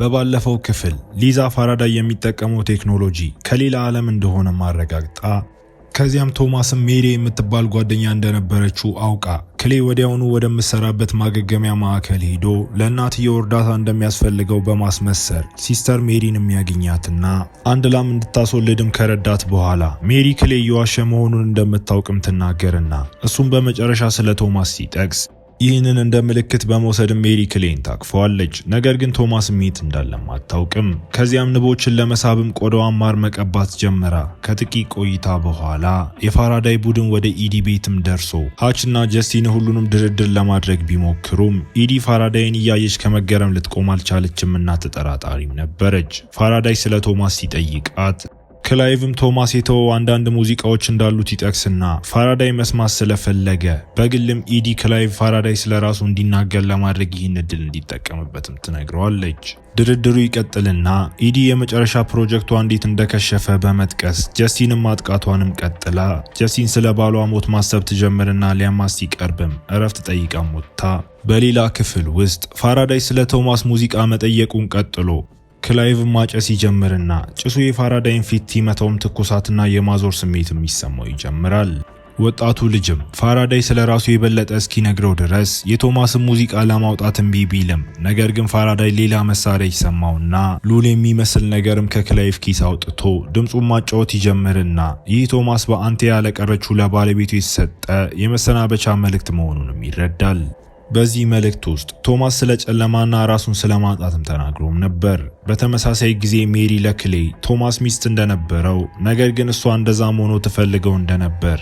በባለፈው ክፍል ሊዛ ፋራዳይ የሚጠቀመው ቴክኖሎጂ ከሌላ ዓለም እንደሆነ ማረጋግጣ ከዚያም ቶማስም ሜሪ የምትባል ጓደኛ እንደነበረችው አውቃ ክሌ ወዲያውኑ ወደምትሰራበት ማገገሚያ ማዕከል ሄዶ ለእናትየው እርዳታ እንደሚያስፈልገው በማስመሰር ሲስተር ሜሪን የሚያገኛትና አንድ ላም እንድታስወልድም ከረዳት በኋላ ሜሪ ክሌ እየዋሸ መሆኑን እንደምታውቅም ትናገርና እሱም በመጨረሻ ስለ ቶማስ ሲጠቅስ ይህንን እንደ ምልክት በመውሰድ ሜሪ ክሌን ታቅፈዋለች። ነገር ግን ቶማስ ሚት እንዳለም አታውቅም። ከዚያም ንቦችን ለመሳብም ቆዳዋን ማር መቀባት ጀመራ። ከጥቂት ቆይታ በኋላ የፋራዳይ ቡድን ወደ ኢዲ ቤትም ደርሶ ሃችና ጀስቲን ሁሉንም ድርድር ለማድረግ ቢሞክሩም ኢዲ ፋራዳይን እያየች ከመገረም ልትቆም አልቻለችም እና ተጠራጣሪም ነበረች። ፋራዳይ ስለ ቶማስ ሲጠይቃት ክላይቭም ቶማስ የተወው አንዳንድ ሙዚቃዎች እንዳሉት ይጠቅስና ፋራዳይ መስማት ስለፈለገ በግልም ኢዲ ክላይቭ ፋራዳይ ስለ ራሱ እንዲናገር ለማድረግ ይህን እድል እንዲጠቀምበትም ትነግረዋለች። ድርድሩ ይቀጥልና ኢዲ የመጨረሻ ፕሮጀክቷ እንዴት እንደከሸፈ በመጥቀስ ጀስቲንም ማጥቃቷንም ቀጥላ ጀስቲን ስለ ባሏ ሞት ማሰብ ትጀምርና ሊያማስ ሲቀርብም እረፍት ጠይቃ ሞታ በሌላ ክፍል ውስጥ ፋራዳይ ስለ ቶማስ ሙዚቃ መጠየቁን ቀጥሎ ክላይቭ ማጨስ ይጀምርና ጭሱ የፋራዳይን ፊት ይመታውም፣ ትኩሳትና የማዞር ስሜትም ይሰማው ይጀምራል። ወጣቱ ልጅም ፋራዳይ ስለ ራሱ የበለጠ እስኪነግረው ድረስ የቶማስን ሙዚቃ ለማውጣት እምቢ ቢልም ነገር ግን ፋራዳይ ሌላ መሳሪያ ይሰማውና ሉል የሚመስል ነገርም ከክላይቭ ኪስ አውጥቶ ድምፁን ማጫወት ይጀምርና ይህ ቶማስ በአንቴ ለቀረችው ለባለቤቱ የተሰጠ የመሰናበቻ መልእክት መሆኑንም ይረዳል። በዚህ መልእክት ውስጥ ቶማስ ስለ ጨለማና ራሱን ስለ ማጣትም ተናግሮም ነበር። በተመሳሳይ ጊዜ ሜሪ ለክሌ ቶማስ ሚስት እንደነበረው ነገር ግን እሷ እንደዛም ሆኖ ትፈልገው እንደነበር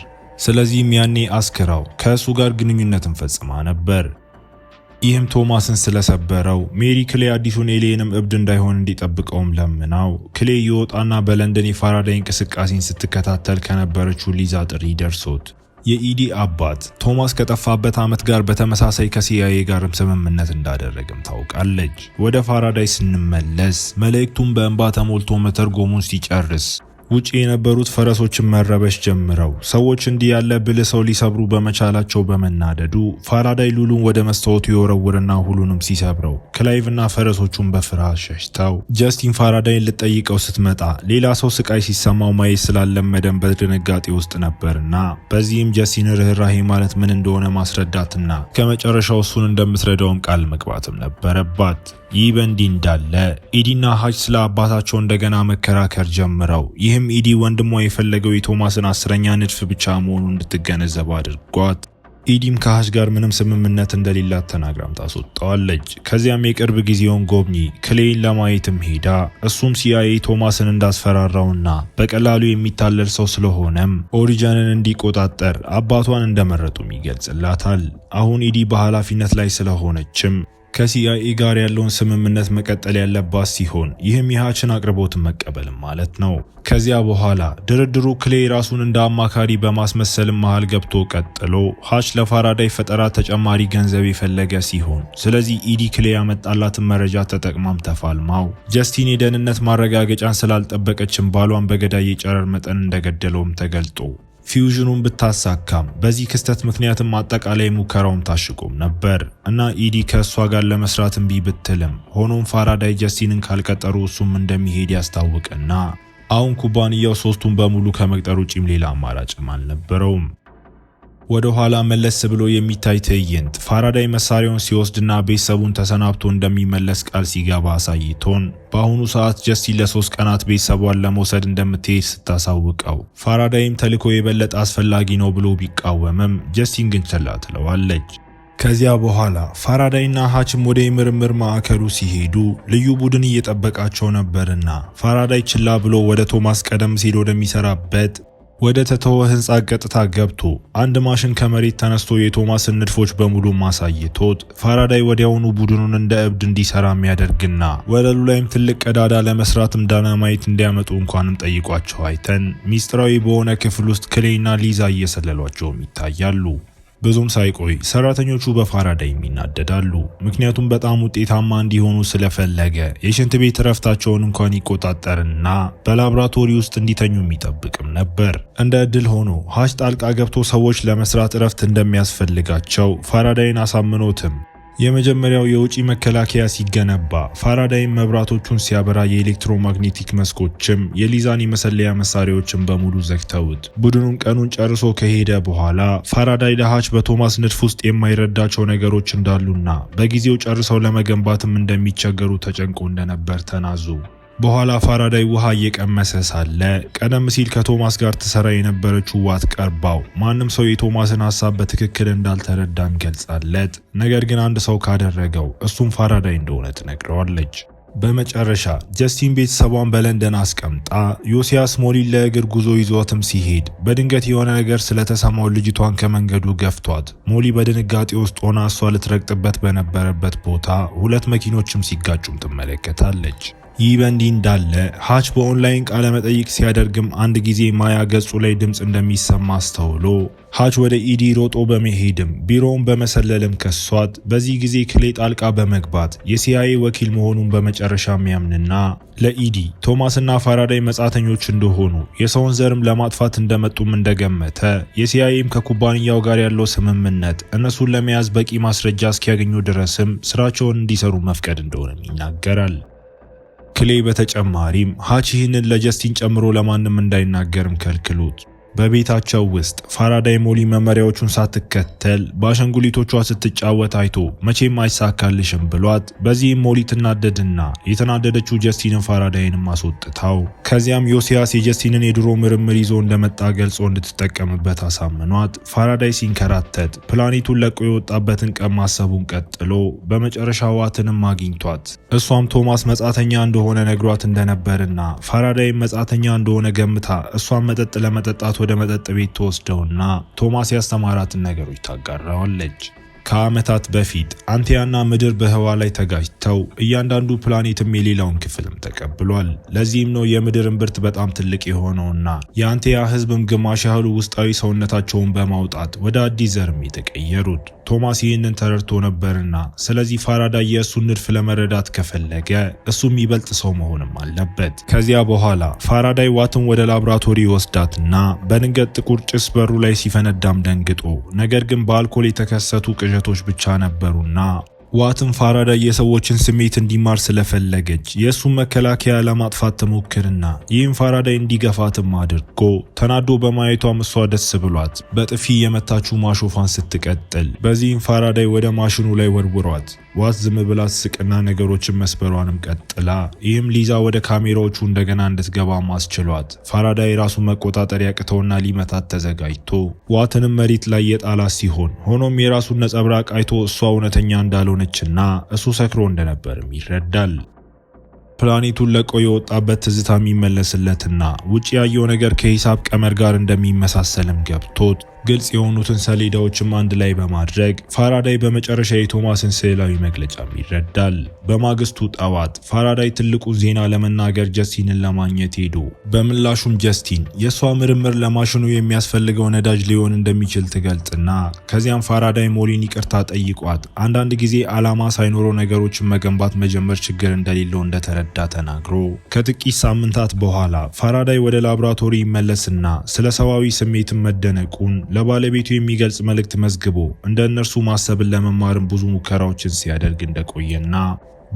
ስለዚህም ያኔ አስክራው ከእሱ ጋር ግንኙነትን ፈጽማ ነበር። ይህም ቶማስን ስለሰበረው ሜሪ ክሌ አዲሱን ኤሌንም እብድ እንዳይሆን እንዲጠብቀውም ለምናው ክሌ ይወጣና በለንደን የፋራዳይ እንቅስቃሴን ስትከታተል ከነበረችው ሊዛ ጥሪ ደርሶት የኢዲ አባት ቶማስ ከጠፋበት ዓመት ጋር በተመሳሳይ ከሲአይኤ ጋርም ስምምነት እንዳደረግም ታውቃለች። ወደ ፋራዳይ ስንመለስ መልእክቱን በእንባ ተሞልቶ መተርጎሙን ሲጨርስ ውጪ የነበሩት ፈረሶችን መረበሽ ጀምረው ሰዎች እንዲህ ያለ ብልህ ሰው ሊሰብሩ በመቻላቸው በመናደዱ ፋራዳይ ሉሉን ወደ መስታወቱ የወረውርና ሁሉንም ሲሰብረው ክላይቭና ፈረሶቹን በፍርሃት ሸሽተው ጀስቲን ፋራዳይን ልጠይቀው ስትመጣ ሌላ ሰው ስቃይ ሲሰማው ማየት ስላለመደን በድንጋጤ ውስጥ ነበርና በዚህም ጀስቲን ርኅራሄ ማለት ምን እንደሆነ ማስረዳትና ከመጨረሻው እሱን እንደምትረዳውም ቃል መግባትም ነበረባት። ይህ በእንዲህ እንዳለ ኢዲና ሀጅ ስለ አባታቸው እንደገና መከራከር ጀምረው ይህ ይህም ኢዲ ወንድሟ የፈለገው የቶማስን አስረኛ ንድፍ ብቻ መሆኑን እንድትገነዘበ አድርጓት ኢዲም ከሀሽ ጋር ምንም ስምምነት እንደሌላት ተናግራም ታስወጣዋለች። ከዚያም የቅርብ ጊዜውን ጎብኚ ክሌይን ለማየትም ሄዳ እሱም ሲአይኤ ቶማስን እንዳስፈራራውና በቀላሉ የሚታለል ሰው ስለሆነም ኦሪጀንን እንዲቆጣጠር አባቷን እንደመረጡም ይገልጽላታል። አሁን ኢዲ በኃላፊነት ላይ ስለሆነችም ከሲአይኤ ጋር ያለውን ስምምነት መቀጠል ያለባት ሲሆን ይህም የሃችን አቅርቦትን መቀበልም ማለት ነው። ከዚያ በኋላ ድርድሩ ክሌ ራሱን እንደ አማካሪ በማስመሰልም መሃል ገብቶ ቀጥሎ ሀች ለፋራዳይ ፈጠራ ተጨማሪ ገንዘብ የፈለገ ሲሆን ስለዚህ ኢዲ ክሌ ያመጣላትን መረጃ ተጠቅማም ተፋልማው ጀስቲን የደህንነት ማረጋገጫን ስላልጠበቀችን ባሏን በገዳይ የጨረር መጠን እንደገደለውም ተገልጦ ፊውዥኑን ብታሳካም በዚህ ክስተት ምክንያትም አጠቃላይ ሙከራውን ታሽቁም ነበር እና ኢዲ ከእሷ ጋር ለመስራት እምቢ ብትልም ሆኖም ፋራዳይ ጀስቲንን ካልቀጠሩ እሱም እንደሚሄድ ያስታውቅና አሁን ኩባንያው ሶስቱን በሙሉ ከመቅጠር ውጪም ሌላ አማራጭም አልነበረውም። ወደ ኋላ መለስ ብሎ የሚታይ ትዕይንት ፋራዳይ መሳሪያውን ሲወስድና ቤተሰቡን ተሰናብቶ እንደሚመለስ ቃል ሲገባ አሳይቶን በአሁኑ ሰዓት ጀስቲን ለሶስት ቀናት ቤተሰቧን ለመውሰድ እንደምትሄድ ስታሳውቀው ፋራዳይም ተልኮ የበለጠ አስፈላጊ ነው ብሎ ቢቃወምም ጀስቲን ግን ችላ ትለዋለች። ከዚያ በኋላ ፋራዳይና ሀችም ወደ የምርምር ማዕከሉ ሲሄዱ ልዩ ቡድን እየጠበቃቸው ነበርና ፋራዳይ ችላ ብሎ ወደ ቶማስ ቀደም ሲል ወደሚሰራበት ወደ ተተወ ህንፃ ቀጥታ ገብቶ አንድ ማሽን ከመሬት ተነስቶ የቶማስን ንድፎች በሙሉ ማሳይቶት ፋራዳይ ወዲያውኑ ቡድኑን እንደ እብድ እንዲሰራ የሚያደርግና ወለሉ ላይም ትልቅ ቀዳዳ ለመስራትም ዳናማይት እንዲያመጡ እንኳንም ጠይቋቸው አይተን ሚስጥራዊ በሆነ ክፍል ውስጥ ክሌና ሊዛ እየሰለሏቸውም ይታያሉ። ብዙም ሳይቆይ ሰራተኞቹ በፋራዳ ይናደዳሉ። ምክንያቱም በጣም ውጤታማ እንዲሆኑ ስለፈለገ የሽንት ቤት እረፍታቸውን እንኳን ይቆጣጠርና በላብራቶሪ ውስጥ እንዲተኙ የሚጠብቅም ነበር። እንደ እድል ሆኖ ሃሽ ጣልቃ ገብቶ ሰዎች ለመስራት እረፍት እንደሚያስፈልጋቸው ፋራዳይን አሳምኖትም የመጀመሪያው የውጪ መከላከያ ሲገነባ ፋራዳይም መብራቶቹን ሲያበራ የኤሌክትሮማግኔቲክ መስኮችም የሊዛኒ መሰለያ መሳሪያዎችን በሙሉ ዘግተውት ቡድኑም ቀኑን ጨርሶ ከሄደ በኋላ ፋራዳይ ለሃች በቶማስ ንድፍ ውስጥ የማይረዳቸው ነገሮች እንዳሉና በጊዜው ጨርሰው ለመገንባትም እንደሚቸገሩ ተጨንቆ እንደነበር ተናዙ። በኋላ ፋራዳይ ውሃ እየቀመሰ ሳለ ቀደም ሲል ከቶማስ ጋር ትሰራ የነበረችው ዋት ቀርባው ማንም ሰው የቶማስን ሀሳብ በትክክል እንዳልተረዳም ገልጻለት፣ ነገር ግን አንድ ሰው ካደረገው እሱም ፋራዳይ እንደሆነ ትነግረዋለች። በመጨረሻ ጀስቲን ቤተሰቧን በለንደን አስቀምጣ ዮሲያስ ሞሊን ለእግር ጉዞ ይዞትም ሲሄድ በድንገት የሆነ ነገር ስለተሰማው ልጅቷን ከመንገዱ ገፍቷት ሞሊ በድንጋጤ ውስጥ ሆና እሷ ልትረግጥበት በነበረበት ቦታ ሁለት መኪኖችም ሲጋጩም ትመለከታለች። ይህ በእንዲህ እንዳለ ሀች በኦንላይን ቃለ መጠይቅ ሲያደርግም አንድ ጊዜ ማያ ገጹ ላይ ድምፅ እንደሚሰማ አስተውሎ ሀች ወደ ኢዲ ሮጦ በመሄድም ቢሮውን በመሰለልም ከሷት። በዚህ ጊዜ ክሌ ጣልቃ በመግባት የሲአይኤ ወኪል መሆኑን በመጨረሻ የሚያምንና ለኢዲ ቶማስና ፋራዳይ መጻተኞች እንደሆኑ የሰውን ዘርም ለማጥፋት እንደመጡም እንደገመተ የሲአይኤም ከኩባንያው ጋር ያለው ስምምነት እነሱን ለመያዝ በቂ ማስረጃ እስኪያገኙ ድረስም ስራቸውን እንዲሰሩ መፍቀድ እንደሆነም ይናገራል። ክሌ በተጨማሪም ሃች ይህንን ለጀስቲን ጨምሮ ለማንም እንዳይናገርም ከልክሉት። በቤታቸው ውስጥ ፋራዳይ ሞሊ መመሪያዎቹን ሳትከተል በአሻንጉሊቶቿ ስትጫወት አይቶ መቼም አይሳካልሽም ብሏት፣ በዚህም ሞሊ ትናደድና የተናደደችው ጀስቲንን ፋራዳይንም አስወጥታው፣ ከዚያም ዮሲያስ የጀስቲንን የድሮ ምርምር ይዞ እንደመጣ ገልጾ እንድትጠቀምበት አሳምኗት፣ ፋራዳይ ሲንከራተት ፕላኔቱን ለቆ የወጣበትን ቀን ማሰቡን ቀጥሎ በመጨረሻ ዋትንም አግኝቷት፣ እሷም ቶማስ መጻተኛ እንደሆነ ነግሯት እንደነበርና ፋራዳይም መጻተኛ እንደሆነ ገምታ እሷን መጠጥ ለመጠጣቱ ወደ መጠጥ ቤት ትወስደውና ቶማስ ያስተማራትን ነገሮች ታጋራዋለች። ከዓመታት በፊት አንቴያና ምድር በህዋ ላይ ተጋጅተው እያንዳንዱ ፕላኔትም የሌላውን ክፍልም ተቀብሏል። ለዚህም ነው የምድር እምብርት በጣም ትልቅ የሆነውና የአንቴያ ህዝብም ግማሽ ያህሉ ውስጣዊ ሰውነታቸውን በማውጣት ወደ አዲስ ዘርም የተቀየሩት። ቶማስ ይህንን ተረድቶ ነበርና ስለዚህ ፋራዳይ የእሱን ንድፍ ለመረዳት ከፈለገ እሱም ይበልጥ ሰው መሆንም አለበት። ከዚያ በኋላ ፋራዳይ ዋትን ወደ ላብራቶሪ ይወስዳትና በድንገት ጥቁር ጭስ በሩ ላይ ሲፈነዳም ደንግጦ ነገር ግን በአልኮል የተከሰቱ ቅዠቶች ብቻ ነበሩና ዋትን ፋራዳ የሰዎችን ስሜት እንዲማር ስለፈለገች የእሱን መከላከያ ለማጥፋት ትሞክርና ይህም ፋራዳይ እንዲገፋትም አድርጎ ተናዶ በማየቷ እሷ ደስ ብሏት በጥፊ የመታችው ማሾፋን ስትቀጥል፣ በዚህም ፋራዳይ ወደ ማሽኑ ላይ ወርውሯት ዋስ ዝም ብላ ስቅና ነገሮችን መስበሯንም ቀጥላ ይህም ሊዛ ወደ ካሜራዎቹ እንደገና እንድትገባ ማስችሏት ፋራዳይ ራሱን መቆጣጠር ያቅተውና ሊመታት ተዘጋጅቶ ዋትንም መሬት ላይ የጣላ ሲሆን ሆኖም የራሱን ነጸብራቅ አይቶ እሷ እውነተኛ እንዳልሆነችና እሱ ሰክሮ እንደነበርም ይረዳል። ፕላኔቱን ለቆ የወጣበት ትዝታ የሚመለስለትና ውጭ ያየው ነገር ከሂሳብ ቀመር ጋር እንደሚመሳሰልም ገብቶት ግልጽ የሆኑትን ሰሌዳዎችም አንድ ላይ በማድረግ ፋራዳይ በመጨረሻ የቶማስን ስዕላዊ መግለጫም ይረዳል። በማግስቱ ጠዋት ፋራዳይ ትልቁን ዜና ለመናገር ጀስቲንን ለማግኘት ሄዶ በምላሹም ጀስቲን የእሷ ምርምር ለማሽኑ የሚያስፈልገው ነዳጅ ሊሆን እንደሚችል ትገልጽና ከዚያም ፋራዳይ ሞሊን ይቅርታ ጠይቋት አንዳንድ ጊዜ ዓላማ ሳይኖረው ነገሮችን መገንባት መጀመር ችግር እንደሌለው እንደተረዳ ተናግሮ ከጥቂት ሳምንታት በኋላ ፋራዳይ ወደ ላብራቶሪ ይመለስና ስለ ሰብአዊ ስሜትን መደነቁን ለባለቤቱ የሚገልጽ መልእክት መዝግቦ እንደ እነርሱ ማሰብን ለመማርም ብዙ ሙከራዎችን ሲያደርግ እንደቆየና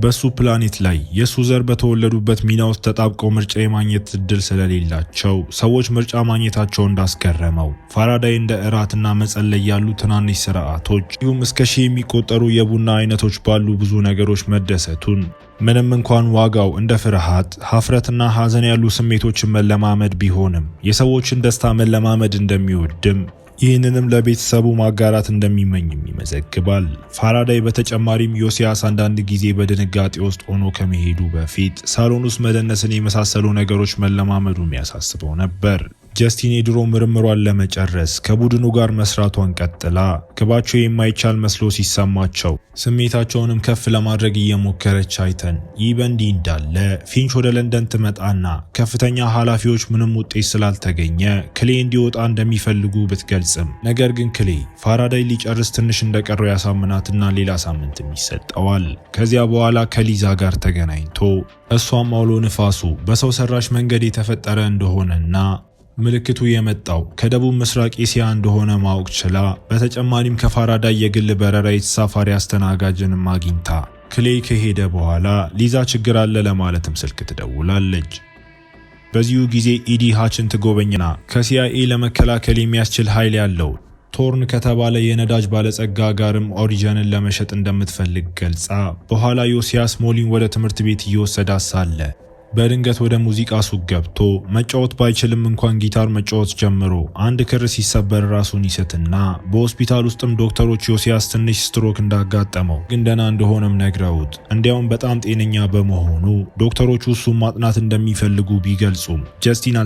በሱ ፕላኔት ላይ የሱ ዘር በተወለዱበት ሚና ውስጥ ተጣብቀው ምርጫ የማግኘት እድል ስለሌላቸው ሰዎች ምርጫ ማግኘታቸው እንዳስገረመው ፋራዳይ እንደ እራትና መጸለይ ያሉ ትናንሽ ስርዓቶች እንዲሁም እስከ ሺህ የሚቆጠሩ የቡና አይነቶች ባሉ ብዙ ነገሮች መደሰቱን ምንም እንኳን ዋጋው እንደ ፍርሃት፣ ሀፍረትና ሀዘን ያሉ ስሜቶችን መለማመድ ቢሆንም የሰዎችን ደስታ መለማመድ እንደሚወድም ይህንንም ለቤተሰቡ ማጋራት እንደሚመኝም ይመዘግባል። ፋራዳይ በተጨማሪም ዮሲያስ አንዳንድ ጊዜ በድንጋጤ ውስጥ ሆኖ ከመሄዱ በፊት ሳሎን ውስጥ መደነስን የመሳሰሉ ነገሮች መለማመዱም ያሳስበው ነበር። ጀስቲን የድሮ ምርምሯን ለመጨረስ ከቡድኑ ጋር መስራቷን ቀጥላ ግባቸው የማይቻል መስሎ ሲሰማቸው ስሜታቸውንም ከፍ ለማድረግ እየሞከረች አይተን ይህ በእንዲህ እንዳለ ፊንች ወደ ለንደን ትመጣና ከፍተኛ ኃላፊዎች ምንም ውጤት ስላልተገኘ ክሌ እንዲወጣ እንደሚፈልጉ ብትገልጽም ነገር ግን ክሌ ፋራዳይ ሊጨርስ ትንሽ እንደቀረው ያሳምናትና ሌላ ሳምንትም ይሰጠዋል። ከዚያ በኋላ ከሊዛ ጋር ተገናኝቶ እሷም አውሎ ንፋሱ በሰው ሰራሽ መንገድ የተፈጠረ እንደሆነና ምልክቱ የመጣው ከደቡብ ምስራቅ እስያ እንደሆነ ማወቅ ችላ፣ በተጨማሪም ከፋራዳ የግል በረራ የተሳፋሪ አስተናጋጅንም አግኝታ ክሌይ ከሄደ በኋላ ሊዛ ችግር አለ ለማለትም ስልክ ትደውላለች። በዚሁ ጊዜ ኢዲ ሃችን ትጎበኝና ከሲአይኤ ለመከላከል የሚያስችል ኃይል ያለው ቶርን ከተባለ የነዳጅ ባለጸጋ ጋርም ኦሪጀንን ለመሸጥ እንደምትፈልግ ገልጻ፣ በኋላ ዮሲያስ ሞሊን ወደ ትምህርት ቤት እየወሰዳት ሳለ በድንገት ወደ ሙዚቃ ሱቅ ገብቶ መጫወት ባይችልም እንኳን ጊታር መጫወት ጀምሮ አንድ ክር ሲሰበር ራሱን ይስትና በሆስፒታል ውስጥም ዶክተሮች ዮሲያስ ትንሽ ስትሮክ እንዳጋጠመው ግን እንደሆነም ነግረውት እንዲያውም በጣም ጤነኛ በመሆኑ ዶክተሮቹ እሱም ማጥናት እንደሚፈልጉ ቢገልጹም ጀስቲን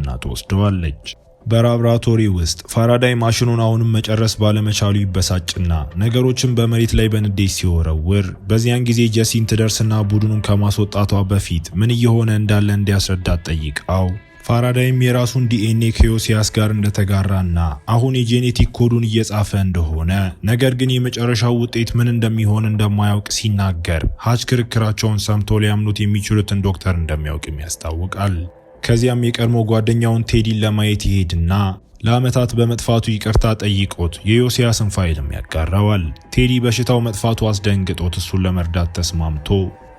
እና ተወስደዋለች። በላብራቶሪ ውስጥ ፋራዳይ ማሽኑን አሁንም መጨረስ ባለመቻሉ ይበሳጭና ነገሮችን በመሬት ላይ በንዴት ሲወረውር፣ በዚያን ጊዜ ጀሲን ትደርስና ቡድኑን ከማስወጣቷ በፊት ምን እየሆነ እንዳለ እንዲያስረዳት ጠይቃው ፋራዳይም የራሱን ዲኤንኤ ከዮሲያስ ጋር እንደተጋራና አሁን የጄኔቲክ ኮዱን እየጻፈ እንደሆነ ነገር ግን የመጨረሻው ውጤት ምን እንደሚሆን እንደማያውቅ ሲናገር ሀች ክርክራቸውን ሰምቶ ሊያምኑት የሚችሉትን ዶክተር እንደሚያውቅም ያስታውቃል። ከዚያም የቀድሞ ጓደኛውን ቴዲን ለማየት ይሄድና ለዓመታት በመጥፋቱ ይቅርታ ጠይቆት የዮሲያስን ፋይልም ያጋራዋል። ቴዲ በሽታው መጥፋቱ አስደንግጦት እሱን ለመርዳት ተስማምቶ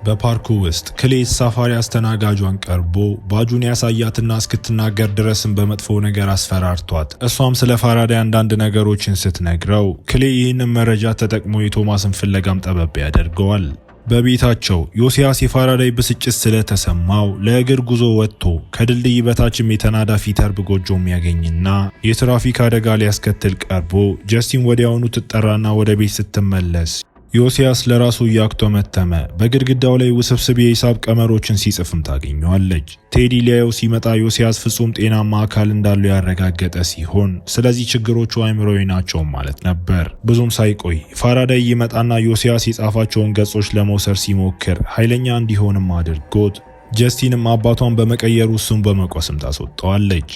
በፓርኩ ውስጥ ክሌት ሳፋሪ አስተናጋጇን ቀርቦ ባጁን ያሳያትና እስክትናገር ድረስም በመጥፎ ነገር አስፈራርቷት እሷም ስለ ፋራዳይ አንዳንድ ነገሮችን ስትነግረው ክሌ ይህንን መረጃ ተጠቅሞ የቶማስን ፍለጋም ጠበብ ያደርገዋል። በቤታቸው ዮሲያስ ላይ ብስጭት ስለተሰማው ለእግር ጉዞ ወጥቶ ከድልድይ በታችም የተናዳፊ ተርብ ጎጆ የሚያገኝና የትራፊክ አደጋ ሊያስከትል ቀርቦ ጀስቲን ወዲያውኑ ትጠራና ወደ ቤት ስትመለስ ዮሲያስ ለራሱ እያክተመተመ በግድግዳው ላይ ውስብስብ የሂሳብ ቀመሮችን ሲጽፍም ታገኘዋለች። ቴዲ ሊያየው ሲመጣ ዮሲያስ ፍጹም ጤናማ አካል እንዳለው ያረጋገጠ ሲሆን ስለዚህ ችግሮቹ አይምሮዊ ናቸው ማለት ነበር። ብዙም ሳይቆይ ፋራዳይ ይመጣና ዮሲያስ የጻፋቸውን ገጾች ለመውሰድ ሲሞክር ኃይለኛ እንዲሆንም አድርጎት ጀስቲንም አባቷን በመቀየሩ እሱን በመቆስም ታስወጥተዋለች።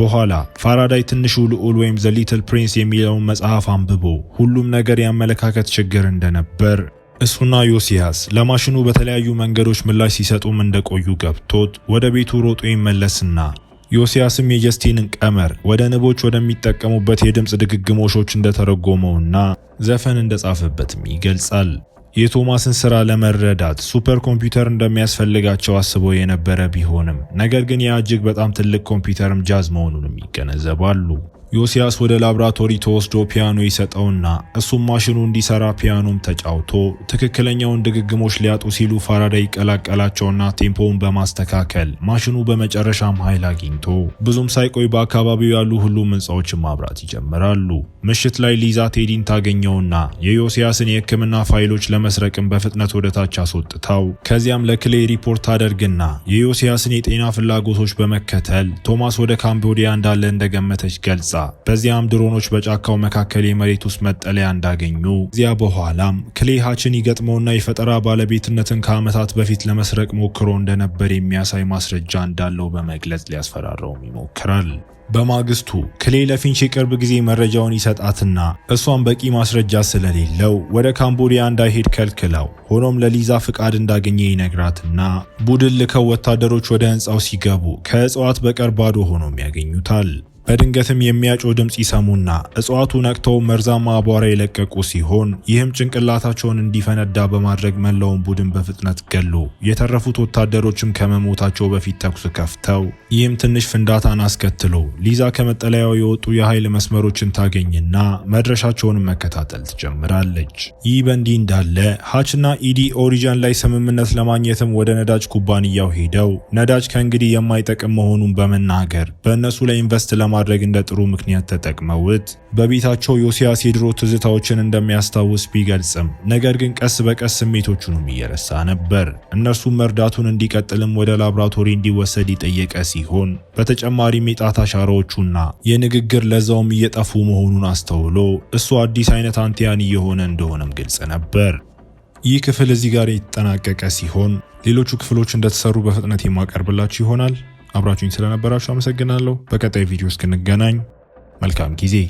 በኋላ ፋራዳይ ትንሹ ልዑል ወይም ዘ ሊትል ፕሪንስ የሚለውን መጽሐፍ አንብቦ ሁሉም ነገር የአመለካከት ችግር እንደነበር እሱና ዮሲያስ ለማሽኑ በተለያዩ መንገዶች ምላሽ ሲሰጡም እንደቆዩ ገብቶት ወደ ቤቱ ሮጦ ይመለስና ዮሲያስም የጀስቲንን ቀመር ወደ ንቦች ወደሚጠቀሙበት የድምፅ ድግግሞሾች እንደተረጎመውና ዘፈን እንደጻፈበትም ይገልጻል። የቶማስን ስራ ለመረዳት ሱፐር ኮምፒውተር እንደሚያስፈልጋቸው አስበው የነበረ ቢሆንም ነገር ግን ያ እጅግ በጣም ትልቅ ኮምፒውተርም ጃዝ መሆኑንም ይገነዘባሉ። ዮሲያስ ወደ ላብራቶሪ ተወስዶ ፒያኖ ይሰጠውና እሱም ማሽኑ እንዲሰራ ፒያኖም ተጫውቶ ትክክለኛውን ድግግሞች ሊያጡ ሲሉ ፋራዳይ ይቀላቀላቸውና ቴምፖውን በማስተካከል ማሽኑ በመጨረሻም ኃይል አግኝቶ ብዙም ሳይቆይ በአካባቢው ያሉ ሁሉም ሕንፃዎችን ማብራት ይጀምራሉ። ምሽት ላይ ሊዛ ቴዲን ታገኘውና የዮሲያስን የሕክምና ፋይሎች ለመስረቅም በፍጥነት ወደታች አስወጥተው ከዚያም ለክሌ ሪፖርት አደርግና የዮሲያስን የጤና ፍላጎቶች በመከተል ቶማስ ወደ ካምቦዲያ እንዳለ እንደገመተች ገልጻ በዚያም ድሮኖች በጫካው መካከል የመሬት ውስጥ መጠለያ እንዳገኙ፣ እዚያ በኋላም ክሌ ሃችን ይገጥመውና የፈጠራ ባለቤትነትን ከዓመታት በፊት ለመስረቅ ሞክሮ እንደነበር የሚያሳይ ማስረጃ እንዳለው በመግለጽ ሊያስፈራረውም ይሞክራል። በማግስቱ ክሌ ለፊንች የቅርብ ጊዜ መረጃውን ይሰጣትና እሷም በቂ ማስረጃ ስለሌለው ወደ ካምቦዲያ እንዳይሄድ ከልክለው፣ ሆኖም ለሊዛ ፍቃድ እንዳገኘ ይነግራትና ቡድን ልከው ወታደሮች ወደ ህንፃው ሲገቡ ከእጽዋት በቀር ባዶ ሆኖም ያገኙታል። በድንገትም የሚያጮ ድምፅ ይሰሙና እጽዋቱ ነቅተው መርዛማ አቧራ የለቀቁ ሲሆን ይህም ጭንቅላታቸውን እንዲፈነዳ በማድረግ መላውን ቡድን በፍጥነት ገሉ። የተረፉት ወታደሮችም ከመሞታቸው በፊት ተኩስ ከፍተው ይህም ትንሽ ፍንዳታን አስከትሎ ሊዛ ከመጠለያው የወጡ የኃይል መስመሮችን ታገኝና መድረሻቸውን መከታተል ትጀምራለች። ይህ በእንዲህ እንዳለ ሃችና ኢዲ ኦሪጀን ላይ ስምምነት ለማግኘትም ወደ ነዳጅ ኩባንያው ሄደው ነዳጅ ከእንግዲህ የማይጠቅም መሆኑን በመናገር በእነሱ ላይ ኢንቨስት ለማ ለማድረግ እንደ ጥሩ ምክንያት ተጠቅመውት በቤታቸው ዮሲያስ የድሮ ትዝታዎችን እንደሚያስታውስ ቢገልጽም ነገር ግን ቀስ በቀስ ስሜቶቹንም እየረሳ ነበር። እነርሱም መርዳቱን እንዲቀጥልም ወደ ላብራቶሪ እንዲወሰድ የጠየቀ ሲሆን በተጨማሪም የጣት አሻራዎቹና የንግግር ለዛውም እየጠፉ መሆኑን አስተውሎ እሱ አዲስ አይነት አንቲያን እየሆነ እንደሆነም ግልጽ ነበር። ይህ ክፍል እዚህ ጋር የተጠናቀቀ ሲሆን ሌሎቹ ክፍሎች እንደተሰሩ በፍጥነት የማቀርብላችሁ ይሆናል። አብራችሁኝ ስለነበራችሁ አመሰግናለሁ። በቀጣይ ቪዲዮ እስክንገናኝ መልካም ጊዜ